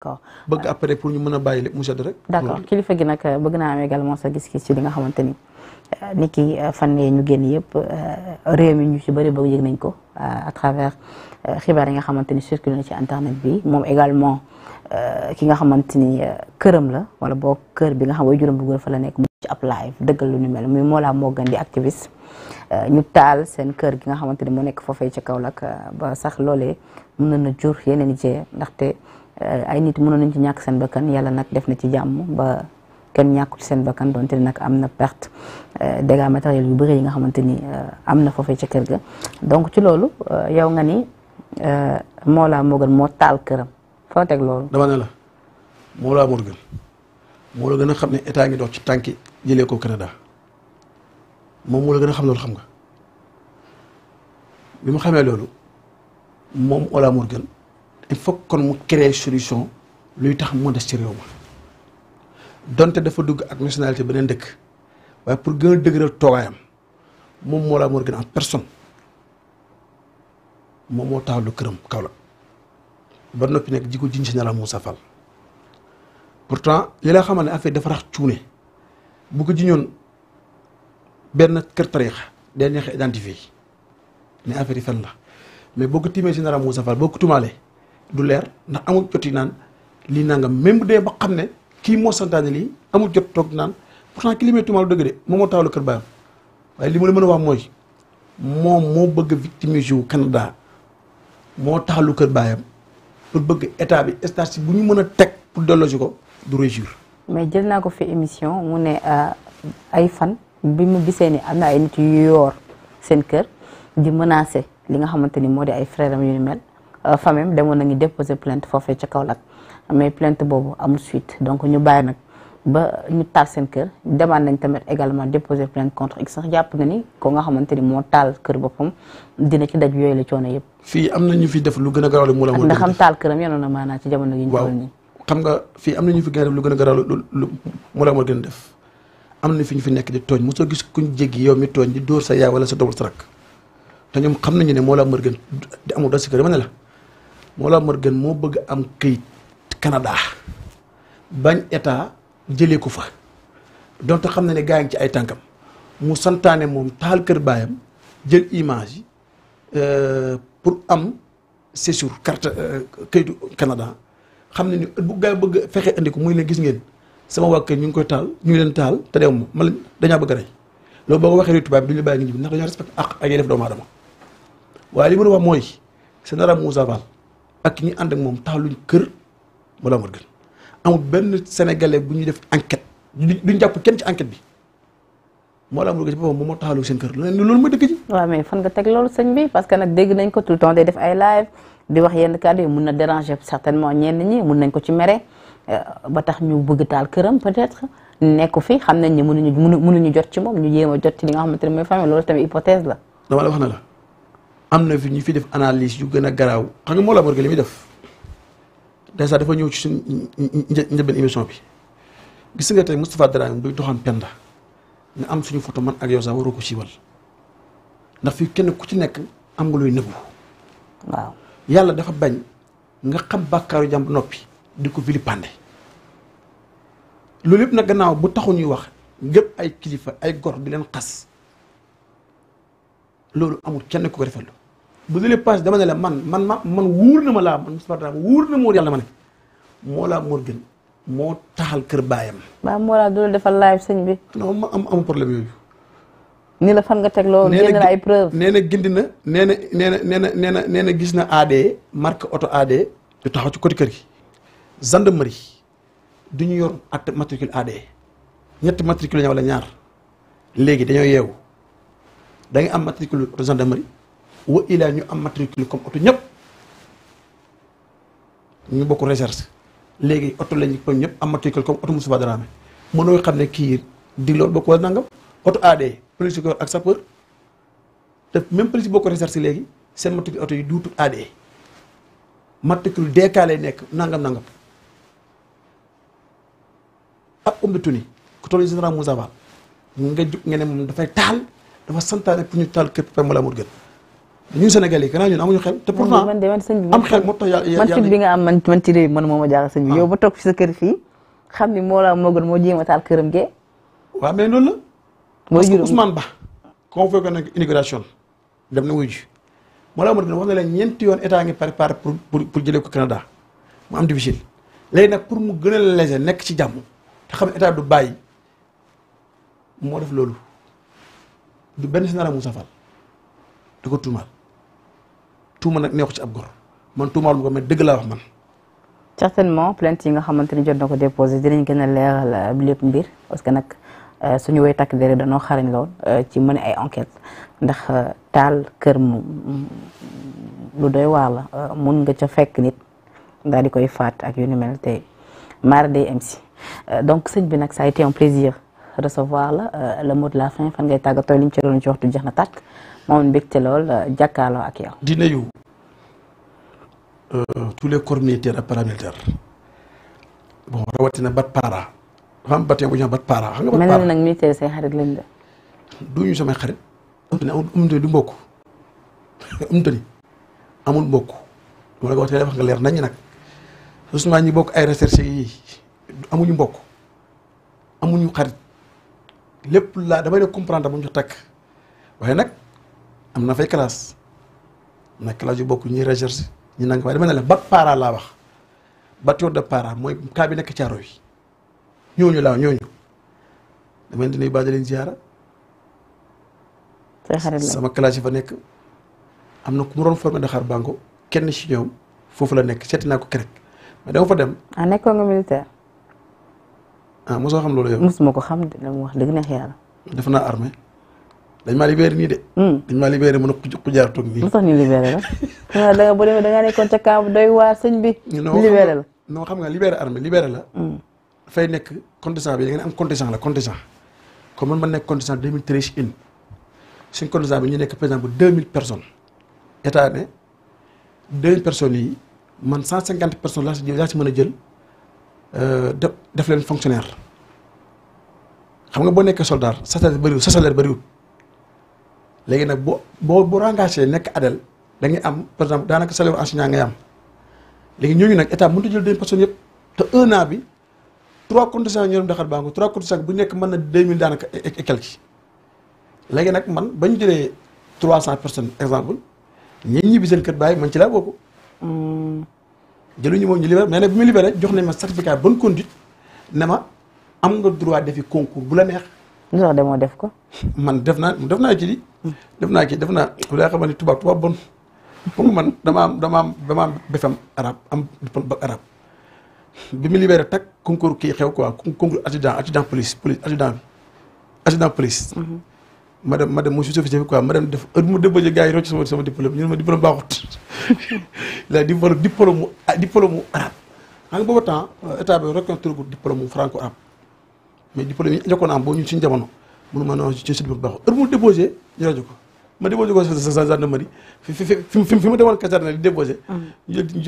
d'accord bëgg après pour ñu mën a bàyyi lépp mu sedd rek. d'accord kilifa gi nag euh, bëgg naa am également sa gis-gis ci li nga xamante ni euh, ki euh, fan yee ñu génn yëpp réew mi ñu ci bëri bëgg yëg nañ ko a travers xibaar yi nga xamante ni circulé na ci internet bi moom également ki nga xamante ni këram la wala boo kër bi nga xam way juróom bu góor fa la nekk mu ci ab live dëggal lu ñu mel muy Mollah Morgun di activiste ñu taal seen kër gi nga xamante ni mu nekk foofee ca Kaolack ba sax loole mën na jur yeneen i ndaxte Eh, ay nit mënoon nañ ci ñàkk seen bakkan yàlla nag def na ci jàmm ba kenn ñàkku seen bakkan donte nag am na perte eh, dégâts matériels yu bëri yi nga xamante ni eh, am na foofee ca kër ga. donc ci loolu yow nga ni Mollah moo taal këram foo teg loolu. dama ne la moo la gën a xam ne état ngi dox ci tànki jëlee koo Canada moom moo la gën a xam loolu xam nga bi mu xamee loolu moom Mollah Morgun il faut kon mu créer solution luy tax mu des ci réew ma donte dafa dugg ak nationalité beneen dëkk waaye pour gën a dëgëral toogaayam moom moo laa moo gën a am personne moom moo taxaw lu këram kaw la ba noppi nekk jiko ji ko jiñ général Moussa Fall pourtant yi la xam ne affaire dafa rax cuune bu ko jiñoon benn kër tariix day neex identifié ne affaire yi fen la mais boo ko tiimee général Moussa Fall boo ko tumaale du leer ndax amul jot yi naan lii nangam même bu dee ba xam ne kii moo santaane lii amul jot toog naan pourtant ki li may tuumaal dëgg de moom moo kër baayam waaye li ma la mën a wax mooy moom moo bëgg a victimiser wu moo taxalu kër baayam pour bëgg état bi état bu ñu mën a teg pour delloosi ko du réussir. mais jël naa ko fi émission mu ne euh, ay fan bi mu gisee ni am na ay nit yu yor seen kër di menacer li nga xamante ni moo di ay frères am yu mel. Euh, famille demoon nañu déposer plainte foofee ca Kaolack mais plainte boobu amul suite donc ñu bàyyi nag ba ñu taal seen kër demande nañ tamit également déposer plainte contre x sax jàpp na ni ko nga xamante ni moo taal kër boppam dina ci daj yooyu la coono yëpp. fii am na ñu fi def lu gën a garaaw mu la moo ndax xam taal këram yenoon na maanaa ci jamono yi ñu toll nii xam am na ñu fi gën a def lu gën a garaaw lu mu la moo gën a def am na fi ñu fi nekk di tooñ mosoo gis kuñ jéggi yow mi tooñ di dóor sa yaay wala sa dobal sa rakk te ñoom xam nañu ne moo la mër gën di amul dal si kër dama ne la Mollah gën moo bëgg am këyit Canada bañ état jëlee ko fa donte xam na ne gaa ngi ci ay tànkam mu santaane moom taal kër baayam jël image yi euh, pour am séjour carte euh, këyitu Canada xam ne ni bu gaa bëgg fexe andi ko muy leen gis ngeen sama waa kër ñu ngi koy taal ñu ngi leen taal te deew ma ma lañ dañaa bëgg a rey loolu boo ko waxee tubaab bi duñu la bàyyi nga ñibbi ndax dañoo respecté ak ak yéen def doomu aadama waaye li ma wax mooy général Moussa ak ñi ànd ak moom taxaluñ kër wala moo gën amul benn sénégalais bu ñu def enquête duñ jàpp kenn ci enquête bi moo la amul gën ci boppam moom moo taxalu seen kër loolu mooy dëkk ji. waaw mais fan nga teg loolu sëñ bi parce que nag dégg nañ ko tout le temps day def ay live di wax yenn kàddu yi mun na déranger certainement ñenn ñi mun nañ ko ci mere euh, ba tax ñu bëgg taal këram peut-être. nekku fi xam nañ ne mënuñu mënuñu jot ci moom ñu jéem a jot ci li nga xamante ne mooy famille la. dama wax na la. am na fi ñu fi def analyse yu gën a garaaw xam nga moo la morgue li muy def dèjà dafa ñëw ci suñ njëlbeen émission bi gis nga tey Moustapha Dramé buy doxaan penda nga am suñu foto man ak yow sax waroo ko siiwal ndax fi kenn ku ci nekk am nga luy nëbbu. waaw yàlla dafa bañ nga xam bàkkaaru jàmb noppi di ko vilipande loolu yëpp nag gannaaw bu taxu ñuy wax gépp ay kilifa ay gor di leen xas loolu amul kenn ku ko defal bu dee passé dama ne la man man ma man wóor na ma laa man Moustapha Dramé wóor na ma yàlla ma ne moo laa moor gën moo taxal kër baayam. waaw moo laa doon defal live sëñ bi. non ma am am problème yooyu. ni la fan nga teg loolu. nee na ay preuve nee na gindi na nee na nee nee na nee na nee na gis na AD marque oto AD yu taxaw ci côté kër gi. gendarmerie du ñu yor at matricule AD ñetti matricule ña la ñaar léegi dañoo yeewu. dangay am matricule oto gendarmerie wa ilaa ñu am matricule comme oto ñëpp ñu bokk recherche léegi oto la ko comme ñëpp am matricule comme oto Moustapha Dramé mënoo xam ne kii di bokk nangam oto AD police ak sapeur te même police bokk recherche léegi seen matricule oto yi duutu AD matricule nekk nangam nangam ak um de tuni ku moom dafay taal. dafa santaane pour ñu taal kër Papa Molamou Guèye ñun Sénégal yi gannaaw ñun amuñu xel te pourtant man de man sëñ bi am xel moo tax yàlla man fit bi am man man ci man moo ma jaaxal sëñ ah. yow ba toog fi sa kër fii xam ni moo la moo gën moo jéem a taal këram gee waa mais loolu la parce que Ousmane Ba dem na wuyu ji Molamou Guèye wax na leen ñeenti yoon état ngi préparé pour pour jëlee ko Canada mu am difficile léegi nag pour mu gën a léger nekk ci jàmm te xam ne état du bàyyi moo def loolu du benn si nara Moussa Fall da ko tuumaal tuuma nag neexu ci ab gor man tuumaal mu ko mais dëgg laa wax man. certainement plainte yi nga xamante ni jot na ko déposé danañ gën a leeral euh, lépp mbir parce que nag euh, suñu way takk dere danoo xarañ lool euh, ci mën ay enquête ndax taal kër mu lu doy waar la mun nga ca fekk nit daal di koy faat ak yu ni mel te maar day am donc sëñ bi nag ça a été un plaisir. recevoir la euh, le mot de la fin fan ngay tàggatoo liñ ci doon ci waxtu jeex na tàkk moom mbégte lool euh, jàkkaarloo ak yow. di nuyu euh, tous les corps militaires ak paramilitaires bon rawatina para dafa bu ñu bat para. xam nga mel na nag militaire say xarit lañ de. du ñu samay xarit. amul du mbokk amul amul mbokk loolu nga wax te wax nga leer nañu nag su ñi bokk ay recherche yi amuñu mbokk amuñu xarit. lépp laa damay leen comprendre ba mu jox takk waaye nag am na fay classe na classe yu bokk ñuy recherche ñu nang waaye dama ne la bac para laa wax bâton de para mooy cas bi nekk caaro yi ñooñu laaw ñooñu dama leen di nuyu baax leen ziara sama classe yi fa nekk am na ku mu doon formé Dakar bànko kenn ci ñoom foofu la nekk seeti naa ko kerek mais dama fa dem. ah nekkoon nga militaire. ah mosoo xam loolu yow. mosuma ko xam de dama wax dëgg neex yàlla. def naa armée dañ maa libéré nii de. Hmm. dañ maa libéré mën a ku jaar toog nii. lu tax ñu libéré la. xanaa da nga boo la non xam nga libéré armée libéré la. Hmm. dafay nekk contingent bi da ngeen am contingent la contingent. comme man ma nekk contingent deux mille treize une suñ contingent bi ñu nekk par exemple deux mille personnes état deux mille personnes yi man cent cinquante personnes laa si laa si mën a jël. Euh, def leen fonctionnaire xam nga boo nekkee soldat sa ba bëriwul sa salaire bëriwul léegi nag boo boo boo engagé nekk adel da ngay am par exemple daanaka salaire enseignant ngay am léegi ñooñu nag état mënut a jël deux personnes yëpp te un an bi trois comptes cinq ñoom daxar baa ngi trois comptes bu nekk mën na deux mille daanaka et quelque léegi nag man ba ñu jëlee trois cent personnes exemple ñi ñibbi seen kër bàyyi man ci laa bokk. Hmm. jëluñu moom ñu libéré mais nag bu ñu jox nañ ma certificat bonne conduite ne ma am nga droit defi concours bu la neex. non demoo def ko. man def naa def naa ci li def naa ci def naa ku laa xamante ni tubaab tubaab bon pour man dama am dama am dama am befam arab am diplôme bac arabe bi mu libéré tag concours kii xew quoi concours adjudant adjudant police police adjudant bi adjudant police. Mhm. ma dem ma dem mu jafe-jafe quoi ma dem def heure mu débajee gars yi rocc sama sama diplôme ñu ne baaxut la diplôme diplôme ah, diplôme mu arabe temps euh, état bi reconnaître bu diplôme mu franco arabe mais diplôme yi njëkkoon am boo ñu suñu jamono mënu ma non ci suñu baaxut heure mu débajee ñu ma débajee ko sa gendarmerie fi fi fi fi ma demoon caserne di débajee. Mm. ñu bi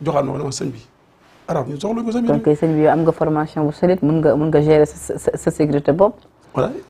joxaan ma ko ne ma sëñ am nga formation bu solide mën nga mën sa sa sécurité bopp. voilà